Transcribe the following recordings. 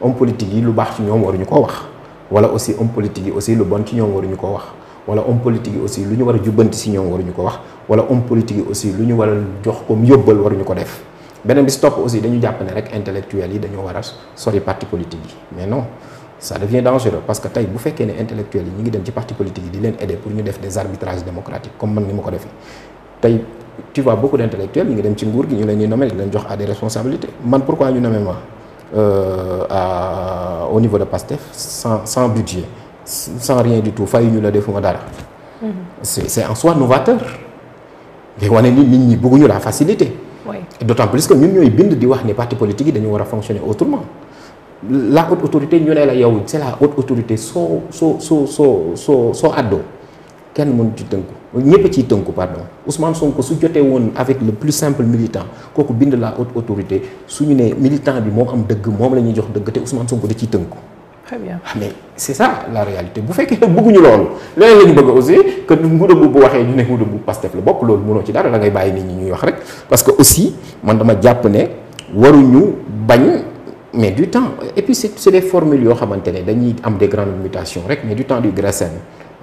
homme politique yi lu baax ci ñoom waruñu koo wax wala aussi homme politique yi aussi lu bon ci ñoom waruñu koo wax wala homme politique yi aussi lu ñu war a jubbanti si ñoom waruñu ko wax wala homme politique yi aussi lu ñu war a jox comme yóbbal waruñu ko def beneen bi si topp aussi dañu jàpp ne rek intellectuels yi dañoo war a sori parti politique yi mais non ça parti politique yi di leen aider pour ñu def des arbitrages démocratiques yi ngi dem ci nguur gi Euh, à au niveau de PASTEF sans sans budget sans du tout fayu ñu la defu nga dara. Mm-hmm. c'est c'est en soi novateur. day wane ni nit ñi bëgguñu la facilité. oui d'autant plus que ñun ñooy bind di wax ne parti yi dañu war a fonctionner autrement. la haute autorité ñu ne la yow c'est la haute autorité soo soo soo soo soo soo àddoo kenn mënu ci tënku ñëpp ciy tënku pardon Ousmane Sonko su jotee woon avec le plus simple militant kooku bind la haute autorité su ñu nee militant bi moo am dëgg moom la ñuy jox dëgg te Ousmane Sonko da ciy tënku. très bien ah, mais c' est ça la réalité bu fekkee bëgguñu loolu leneen la ñu bëgg aussi que nguur bu bu waxee ñu ne nguur bu Pastef la bokk loolu mënoo ci dara da ngay bàyyi nit ñi ñuy wax rek parce que aussi man dama jàpp ne waruñu bañ. mais du temps et puis c' est des formules yoo xamante ne dañuy am des grandes mutations rek mais du temps du Gracien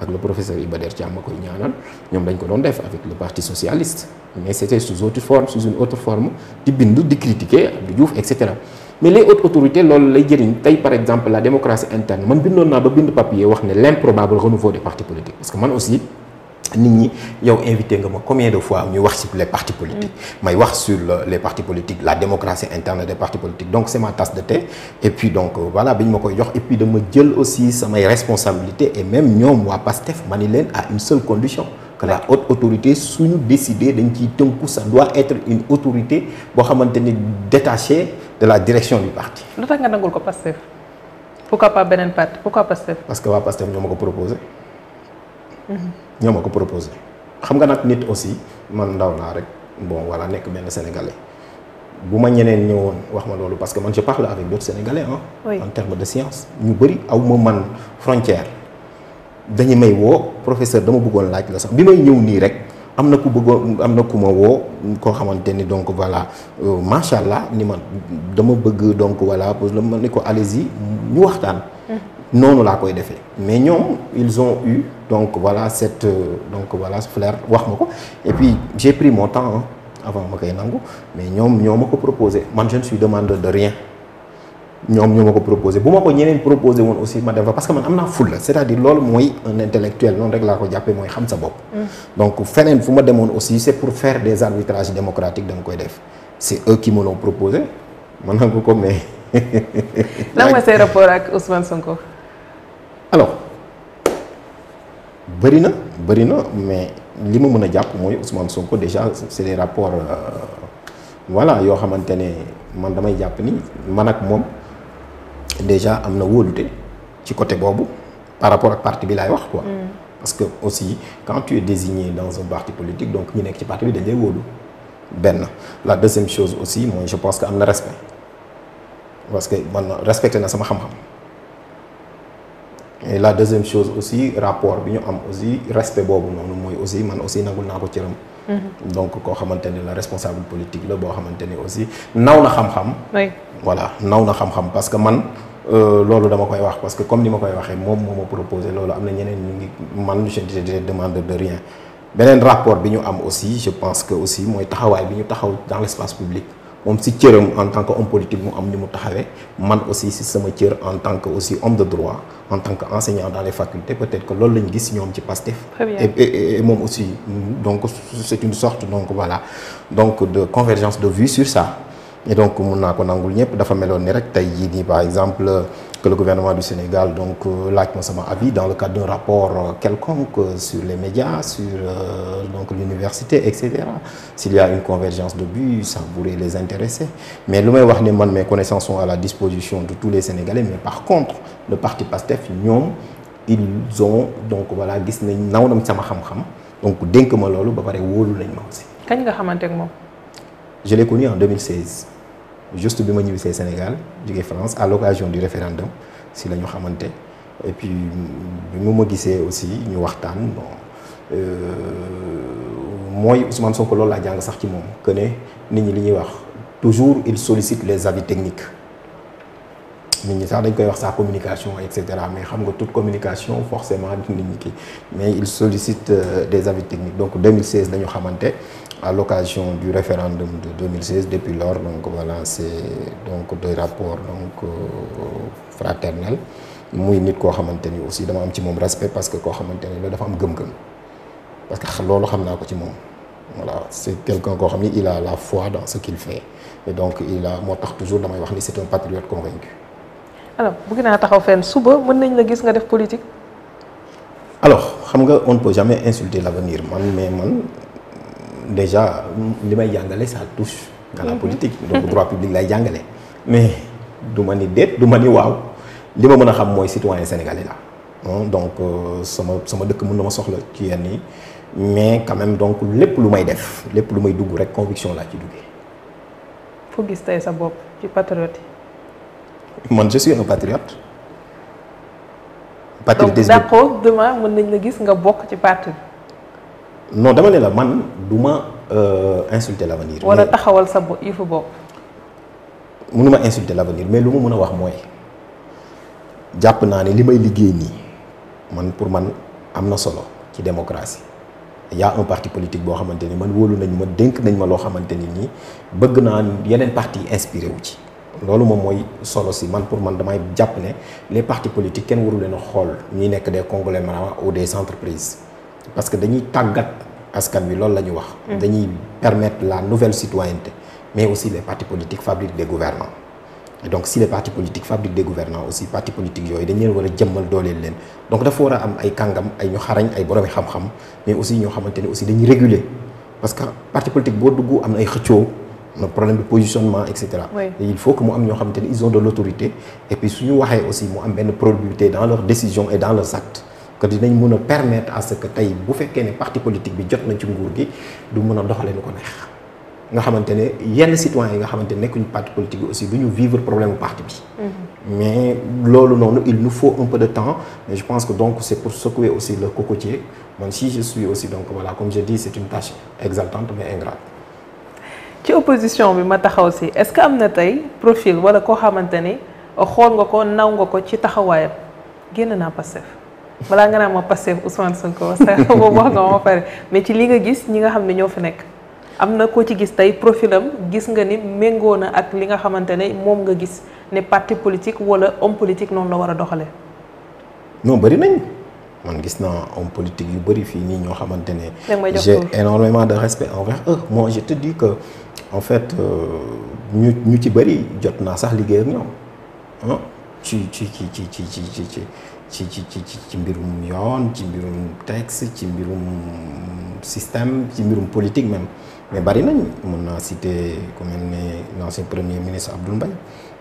ak le professeur Iba Der Thiam koy ñaanal ñoom dañ ko doon def avec le parti socialiste mais c'était sous autre forme sous une autre forme di bindu di critiquer Abdou Diouf et mais les autorités loolu lay jëriñ tey par exemple la démocratie interne man bindoon naa ba bind papier wax ne l'improbable renouveau des partis politiques parce que man aussi nit ñi yow invité nga ma combien de fois ñuy wax sur les partis politiques mm. may wax sur les partis politiques la démocratie interne des partis politiques donc c'est ma tasse de thé et puis donc euh, voilà bi ñu ma koy jox et dama jël aussi samay responsabilité et même ñoom waa PASTEF ma ni leen à une seule condition que la haute autorité ñu décider dañ ciy tënku ça doit être une autorité boo xamante ni détachée de la direction du parti. lu tax nga nangul ko Pastef pourquoi pas beneen parti pourquoi Pastef. parce que waa Pastef ñoo ma ko proposé. Mm-hmm. ñoo ma ko proposé xam nga nag nit aussi man ndaw laa rek bon voilà nekk benn sénégalais bu ma ñeneen ñëwoon wax ma loolu parce que man je parle avec d'autres sénégalais ah. Oui. en termes de science ñu bëri aw ma man frontière dañu may woo professeur dama bëggoon laaj la sax bi may ñëw nii rek am na ku bëggoon am na ku ma woo koo xamante ni donc voilà euh, macha allah ni man dama bëgg donc voilà pour ma ni ko allez-y ñu waxtaan. Mm. noonu laa koy defee mais ñoom ils ont eu donc voilà cette euh, donc voilà flair wax ma ko et puis j'ai pris mon temps hein, avant ma koy nangu mais ñoom ñoo ma ko proposé man je ne suis demandeur de rien ñoom ñoo ma ko proposé bu ma ko ñeneen proposé woon ma dem fa parce que man am naa fulla c'est-à-dire loolu mooy un noonu rek laa ko jàppee mooy xam sa bopp. Mm. donc feneen fu ma demoon aussi c'est pour fair des arbitrages démocratiques dama koy def c'est eux qui me l'ont ko mais. lan mooy say rapport ak alors bëri na bëri na mais li ma mën a jàpp mooy Ousmane Sonko déjà c'est des rapports euh, voilà yoo xamante ne man damay jàpp ni man ak moom déjà am na wóolute ci côté boobu par rapport ak parti bi laay wax ko mm. parce que aussi quand tu es désigné dans un parti politique donc ñu nekk ci parti bi dañ lay wóolu benn la deuxième chose aussi mooy je pense que am na respect parce que man respecté na sama xam-xam. la deuxième chose aussi rapport bi ñu am aussi respect boobu noonu mooy aussi man aussi nangul naa ko cëram. Mm-hmm. donc koo xamante ne la responsable politique la boo xamante ne aussi naw na xam-xam. voilà naw na xam-xam parce que man. Euh, loolu dama koy wax parce que comme ni ma koy waxee moom moo ma proposé loolu am na ñeneen ñu ngi man je ne demande de rien beneen rapport bi ñu am aussi je pense que aussi mooy taxawaay bi ñu taxaw dans l' espace public. moom si cëram en tant que homme politique mu am ni mu taxawee man aussi si sama cër en tant que aussi homme de droit en tant que enseignant dans les facultés peut-être que loolu lañu gis ñoom ci Pastef moom aussi donc c'est une sorte donc voilà donc de convergence de vues sur ça et donc mun naa ko nangul ñëpp dafa meloon ni rek tey jii nii par exemple que le gouvernement du Sénégal donc euh, laaj ma sama avis dans le cadre d'un rapport euh, quelconque euh, sur les médias sur euh, donc l'université et cetera s'il y a une convergence de buts ça pourrait les intéresser mais lu may wax ni man mes connaissances sont à la disposition de tous les Sénégalais mais par contre le parti PASTEF ñoom ils ont donc voilà gis nañ naw nam sama xam-xam donc dénk ma loolu ba pare woolu lañ ma aussi. kañ nga xamante ak moom. je l'ai connu en juste bi ma ñibbisee Sénégal jóge France à l'occasion du référendum si la ñu xamante et puis bi mu ma gisee aussi ñu waxtaan bon euh, mooy Ousmane Sonko loolu laa jàng sax ci moom que nit ñi li ñuy wax toujours il sollicite les avis techniques nit ñi sax dañ koy wax sa communication et cetera mais xam nga toute communication forcément nit ñi kii mais il sollicite euh, des avis techniques donc 2016 la ñu xamante. à l'occasion du référendum de 2016. Depuis lors, donc voilà, c'est donc des rapports donc euh, muy nit koo xamante ni aussi dama am ci moom respect parce que koo xamante ni la dafa am gëm-gëm parce que loolu xam naa ko ci moom voilà c'est quelqu'un koo xam ni il a la foi dans ce qu'il fait et donc il a moo tax toujours damay wax ni c'est un patriote convaincu. alors bëgg naa taxaw fenn suba mën nañ la gis nga def politique. alors xam nga on ne peut jamais insulter l'avenir man mais man. déjà li may jàngale ça touche à la mhm. politique donc mhm. droit public lay jàngale mais du ma ni déet du ma ni waaw li ma mën a xam mooy citoyen sénégalais la donc euh, sama sama dëkk mën na ma soxla ci yenn yi mais quand donc lépp lu may def lépp lu may dugg rek conviction laa ci duggee fu gis tey sa bopp ci patriote yi man je suis un patriote patriote donc d'accord demain mën nañ gis nga bokk ci parti non dama ne la man du ma euh, insulter l'avenir. wala taxawal sa fa bopp. mënu ma insulter l'avenir mais lu ma mën a wax mooy jàpp naa ne li may liggéey nii man pour man am na solo ci démocratie yaa y un parti politique boo xamante ni man wóolu nañ ma dénk nañ ma loo xamante ni nii bëgg naa yeneen parti inspiré wu ci. loolu moom mooy solo si man pour man damay jàpp ne les parti politiques kenn waru leen a xool ñuy nekk des conglomérats ou des entreprises. parce que dañuy tàggat askan wi loolu la ñu wax. Mm. dañuy permettre la nouvelle citoyenneté mais aussi les partis politiques fabriquent des gouvernants et donc si les partis politiques fabriquent des gouvernants aussi partis politiques yooyu dañu leen war a jëmmal dooleel leen donc dafa war a am ay kàngam ay ñu xarañ ay boroomi xam-xam mais aussi ñoo xamante ne aussi dañuy réguler parce que parti politique boo dugg am na ay xëccoo. no problème de positionnement et mu am ñoo xamante ni ils ont de waxee aussi mu am benn probité dans leurs décisions et dans leurs que dinañ mën a permettre à ce que tey bu fekkee ne parti politique bi jot nañ ci nguur gi du mën a doxalee nu ko neex nga xamante ne yenn citoyens yi nga xamante ne nekkuñu parti politique bi aussi du ñu vivre problème bu parti bi. Mm-hmm. mais loolu noonu il nous faut un peu de temps mais je pense que donc c'est pour secouer aussi le cocotier man si je suis aussi donc voilà comme j'ai dit c'est une tâche exaltante mais ingrate. ci opposition bi ma taxaw si est-ce que am na tey profil wala koo xamante ni xool nga ko naw nga ko ci taxawaayam balaa nga naan ma Pastef Ousmane Sonko sa boobu wax nga ma pare mais ci li nga gis ñi nga xam ne ñoo fi nekk am na koo ci gis tey profilam gis nga ni méngoo na ak li nga xamante ne moom nga gis ne parti politique wala homme politique noonu la war a doxale non bëri nañ man gis naa homme politique yu bëri fii nii ñoo xamante ne. j'ai énormément de respect envers eux moi je te dis que en fait euh, ñu ñu ci bëri jot naa sax liggéey ak ñoom ci ci ci ci ci ci. ci ci ci ci mbirum yoon ci mbirum texte ci mbirum système ci mbirum politique même mais bari nañ mun naa citer ku mel ni l'ancien premier ministre Abdoul Mbaye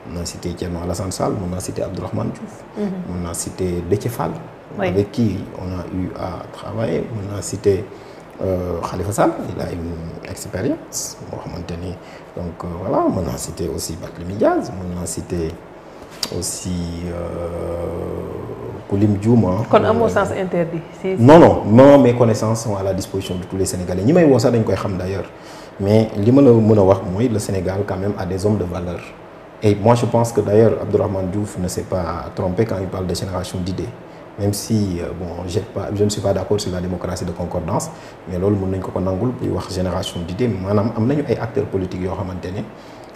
mun naa citer Thierno Alassane Sall mun naa citer Abdourahmane Diouf. Mhm. mun naa citer Déthié Fall. avec qui on a eu à travailler mun naa citer. Euh, Khalifa Sall il a une expérience boo xamante ni donc euh, voilà mën naa citer aussi Barthélémy Diaz mën naa citer aussi euh, ku lim juuma. Ah. kon amoo euh, sens interdit. si non non non mes connaissances sont la disposition de tous les Sénégalais ñi may woo sax dañ koy xam d'ailleurs mais li mën a mën a wax mooy le Sénégal quand même a des hommes de valeur. Et moi, je pense que d'ailleurs, Abdourahmane Diouf ne s'est pas trompé quand il parle de génération d'idées. Même si euh, bon, pas, je ne suis pas d'accord sur la démocratie de concordance, mais c'est ce que nous avons génération d'idées. Nous avons des acteurs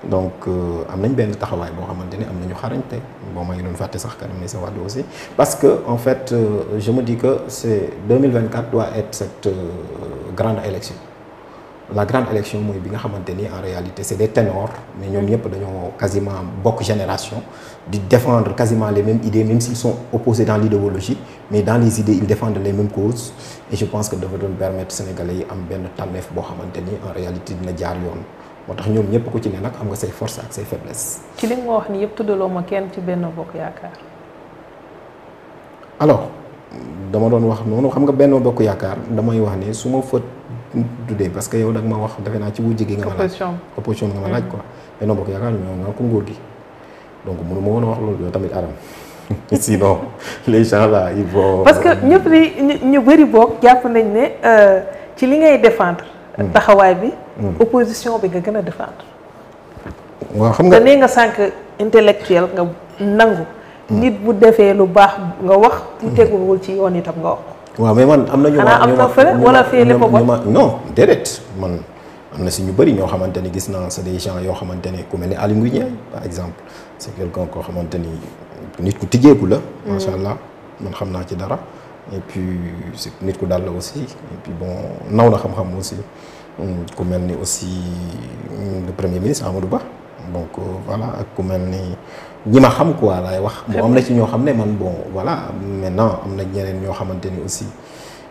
donc euh, am nañ benn taxawaay boo xamante ni am nañu xarañte bon maa ngi doon fàtte sax Karim Meïssa Wade aussi parce que en fait euh, je me dis que c'est 2024 être cette euh, grande élection la grande élection mooy bi nga xamante ni en réalité c'est des ténors mais ñoom ñëpp dañoo quasiment bokk génération di défendre quasiment les mêmes idées même s'ils sont opposés dans l'idéologie mais dans les idées ils défendent les mêmes causes et pense que dafa doon permettre sénégalais yi am benn tànneef boo xamante ni en réalité dina jaar yoon moo tax ñoom ñëpp ko ci ne nag am nga say force ak say faiblesse. ci li nga wax ni yëpp tuddaloo ma kenn ci benn bokk yaakaar. dama doon wax noonu xam nga benn bokk yaakaar damay wax ne su ma fa tuddee parce que yow nag ma wax defe naa ci wujj gi nga ma laaj opposition nga ma mm-hmm. bokk yaakaar ñoo nga ko nguur gi donc mënu ma woon a wax loolu yoo tamit aram sinon les gens là ñu bëri bokk jàpp nañ ne euh, ci li ngay défendre. Mm. taxawaay bi. Mm. opposition bi nga gën a défendre. waaw xam nga te nee nga sànq intellectuel nga nangu. Mm. nit bu defee lu baax nga wax. bu teguwul ci yoon itam nga wax. waaw mais man am na ñu. am na fële wala fee lépp non déedéet man am na si ñu bari ñoo xamante ni gis naa sa des gens yoo xamante ni ku mel ni Aly Ngouille par exemple c'est quelqu'un koo xamante ni nit ku tijjeeku la. macha allah man xam naa ci dara. et puis c'est nit ku dal la aussi et bon naw na xam-xam aussi ku mel ni aussi mm, le premier ministre Amadou Ba donc euh, voilà ak ku mel ni ñi ma xam ku quoi lay wax. bon am na ci ñoo xam ne man bon voilà maintenant am na ñeneen ñoo xamante ni aussi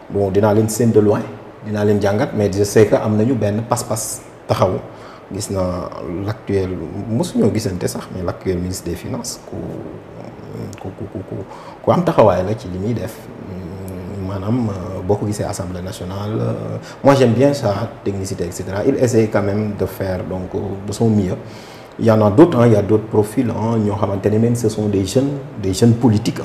bon dinaa leen seen de loin dinaa leen jàngat mais di sais am nañu benn pas-pas taxaw gis naa l'actuel mosuñoo gisante sax mais l'actuel ministre des finances ku ku ku ku ku am taxawaay la ci li muy def. maanaam euh, boo ko gisee assemblée nationale euh, moi j'aime bien sa technicité et cetera il essaie quand même de faire donc euh, de son mieux il y en a d'autres ah il y ñoo xamante ne ce sont des jeunes des jeunes politiques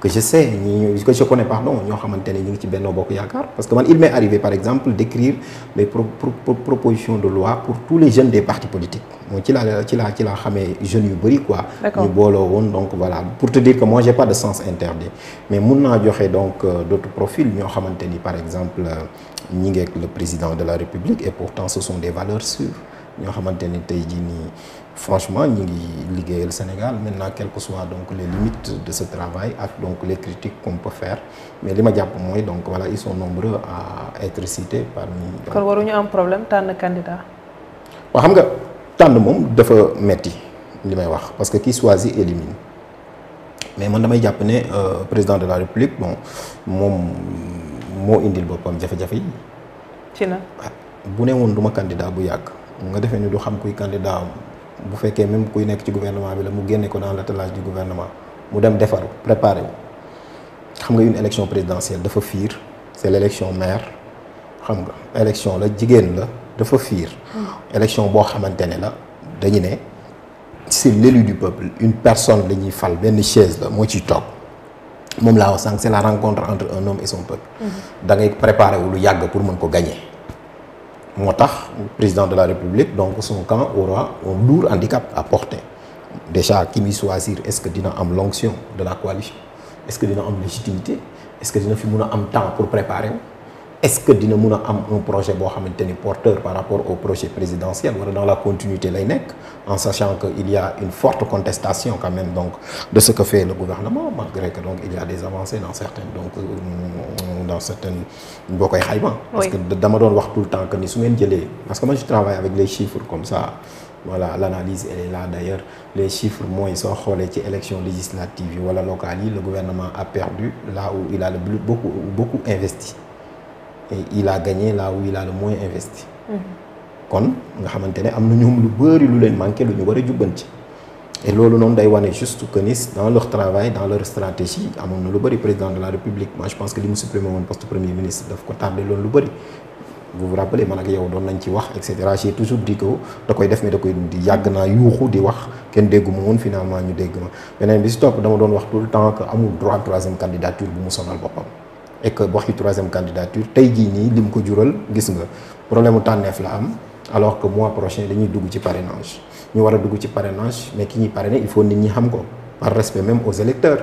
que je sais ñi que je connais pardon ñoo xamante ne ñu ngi ci Benno Bokk Yaakaar parce que man il m'est arrivé par exemple d'écrire des pro pro propositions de loi pour tous les jeunes des partis politiques moom ci laa ci laa ci laa xamee jeunes yu bëri quoi. ñu booloo woon donc voilà pour te dire que moi j'ai pas de sens interdit mais mun naa joxe donc euh, d'autres profils ñoo xamante ni par exemple euh, ñi ngeek le président de la République et pourtant ce sont des valeurs sûres ñoo xamante ni tey jii nii. franchement ñu ngi liggéeyal Sénégal maintenant quelles que soient donc les limites de ce travail ak donc les critiques qu'on peut faire mais li ma jàpp mooy donc voilà ils sont nombreux à être par parmi. kon waruñu am problème tànn candidat. waaw xam nga tànn moom dafa metti li may wax parce que qui choisit élimine mais man damay jàpp ne euh, président de la République bon moom moo indil boppam jafe-jafe yi. ci ah, bu ne woon du ma candidat bu yàgg nga defee ni du xam kuy candidat bu fekkee même kuy nekk ci gouvernement bi la mu génne ko dans l'attelage du gouvernement mu dem defaru préparé xam nga une élection présidentielle dafa fiir c'est l'élection maire xam nga élection la jigéen la dafa fiir hmm. élection boo xamante ne la dañu ne c'est l'élu du peuple une personne la fal benn chaise la moo ciy toog moom laa wax sànq c'est la rencontre entre un homme et son peuple hmm. da ngay wu lu yàgg pour mën ko gagner moo tax président de la république donc son camp aura un lourd handicap à porter déjà ki muy choisir est-ce que dina am l'onction de la coalition est-ce que dina am légitimité est-ce que dina fi mun a am temps pour préparer est-ce que dina mun a am un projet boo xamante ni porteur par rapport au projet présidentiel wala dans la continuité lay nekk en sachant que y a une forte contestation quand même donc de ce que fait le gouvernement malgré que donc il y a des avancées dans certaines donc euh, dans certaines boo koy xayma parce que dama doon wax tout le temps que ni su ngeen jëlee parce que moi je travaille avec les chiffres comme ça voilà l'analyse elle là d'ailleurs les chiffres mooy soo xoolee ci élection législative yi wala locales yi le gouvernement a perdu là où il a le beaucoup et il a gagné là où la a le moins investi. Mhm. kon nga xamante ne am na ñoom lu bëri lu leen manqué lu ñu war a jubbanti. et loolu noonu day wane juste que ni dans leur travail dans leur stratégie amoon na lu bëri président de la république moi je pense que li mu supprimé woon poste premier ministre daf ko tardé loolu lu bëri. vous man ak yow doon nañ ci wax et cetera j'ai toujours di que da koy def mais da koy di yàgg naa yuuxu di wax kenn dégguma woon finalement ñu dégg ma doon wax tout le temps que amul droit troisième candidature bu et que waxi troisième candidature tey jii nii lim ko jural gis nga problème mu tànneef la am alors que mois prochain dañuy dugg ci parrainage ñu war a dugg ci parrainage mais ki pare ne il faut nit ñi xam ko par respect même aux électeurs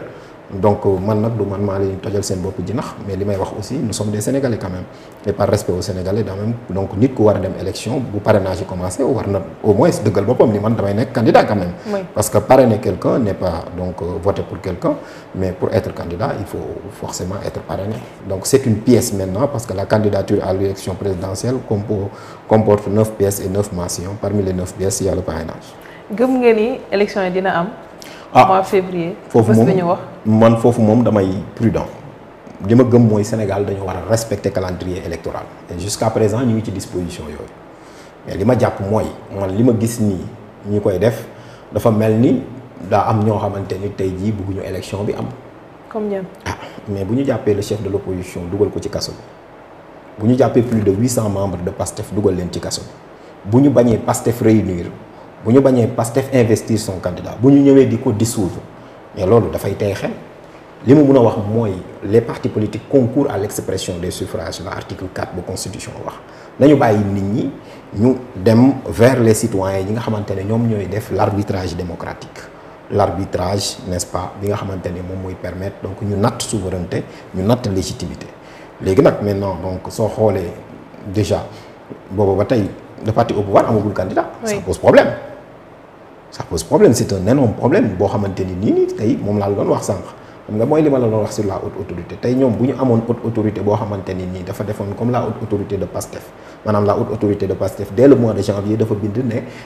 donc euh, man nag du man maa leen tojal seen bopp jinax mais li may wax aussi nous sommes des sénégalais quand même et par respect aux sénégalais donc nit ku war a dem élection bu parrainage yi war na au moins dëggal boppam ni man damay nekk candidat quand même parce que parrainer quelqu'un n'est pas donc euh, voter pour quelqu'un mais pour être candidat il faut forcément être parrainé donc c'est une pièce maintenant parce que la candidature à l'élection présidentielle ah mois février. foofu moom ñu wax man foofu moom damay prudent. li ma gëm mooy Sénégal dañu war a respecter calendrier électoral et jusqu'à présent ñu ngi ci disposition yooyu mais li ma jàpp mooy man li ma gis nii ñi koy def dafa mel ni daa am ñoo xamante ni tey jii bëgguñu élection bi am. comme ñoom ah bu ñu jàppee le chef de l'opposition dugal ko ci kaso bi bu ñu jàppee plus de huit cent membre de PASTEF dugal leen ci kaso bi bu ñu bañee PASTEF réunir. bu ñu bañee Pastef investir son candidat bu ñu ñëwee di ko dissoudre mais loolu dafay tey xel li mu mun a wax mooy les partis politiques concourent à l'expression des suffrages la article 4 bu constitution wax nañu bàyyi nit ñi ñu dem vers les citoyens yi nga xamante ne ñoom ñooy def l'arbitrage démocratique l'arbitrage n'est-ce pas bi nga xamante ne moom mooy permettre donc ñu natt souveraineté ñu natt légitimité léegi nag maintenant donc soo xoolee déjà booba ba tey le parti au pouvoir amagul candidat ça pose problème ça pose problème c'est un énorme problème boo xamante ni nii nii tey moom laa la doon wax sànq xam nga mooy li la doon wax sur la haute autorité tey ñoom bu ñu amoon haute autorité boo xamante ni nii dafa defoon comme la haute autorité de PASTEF maanaam la haute autorité de PASTEF dès le mois de janvier dafa bind ne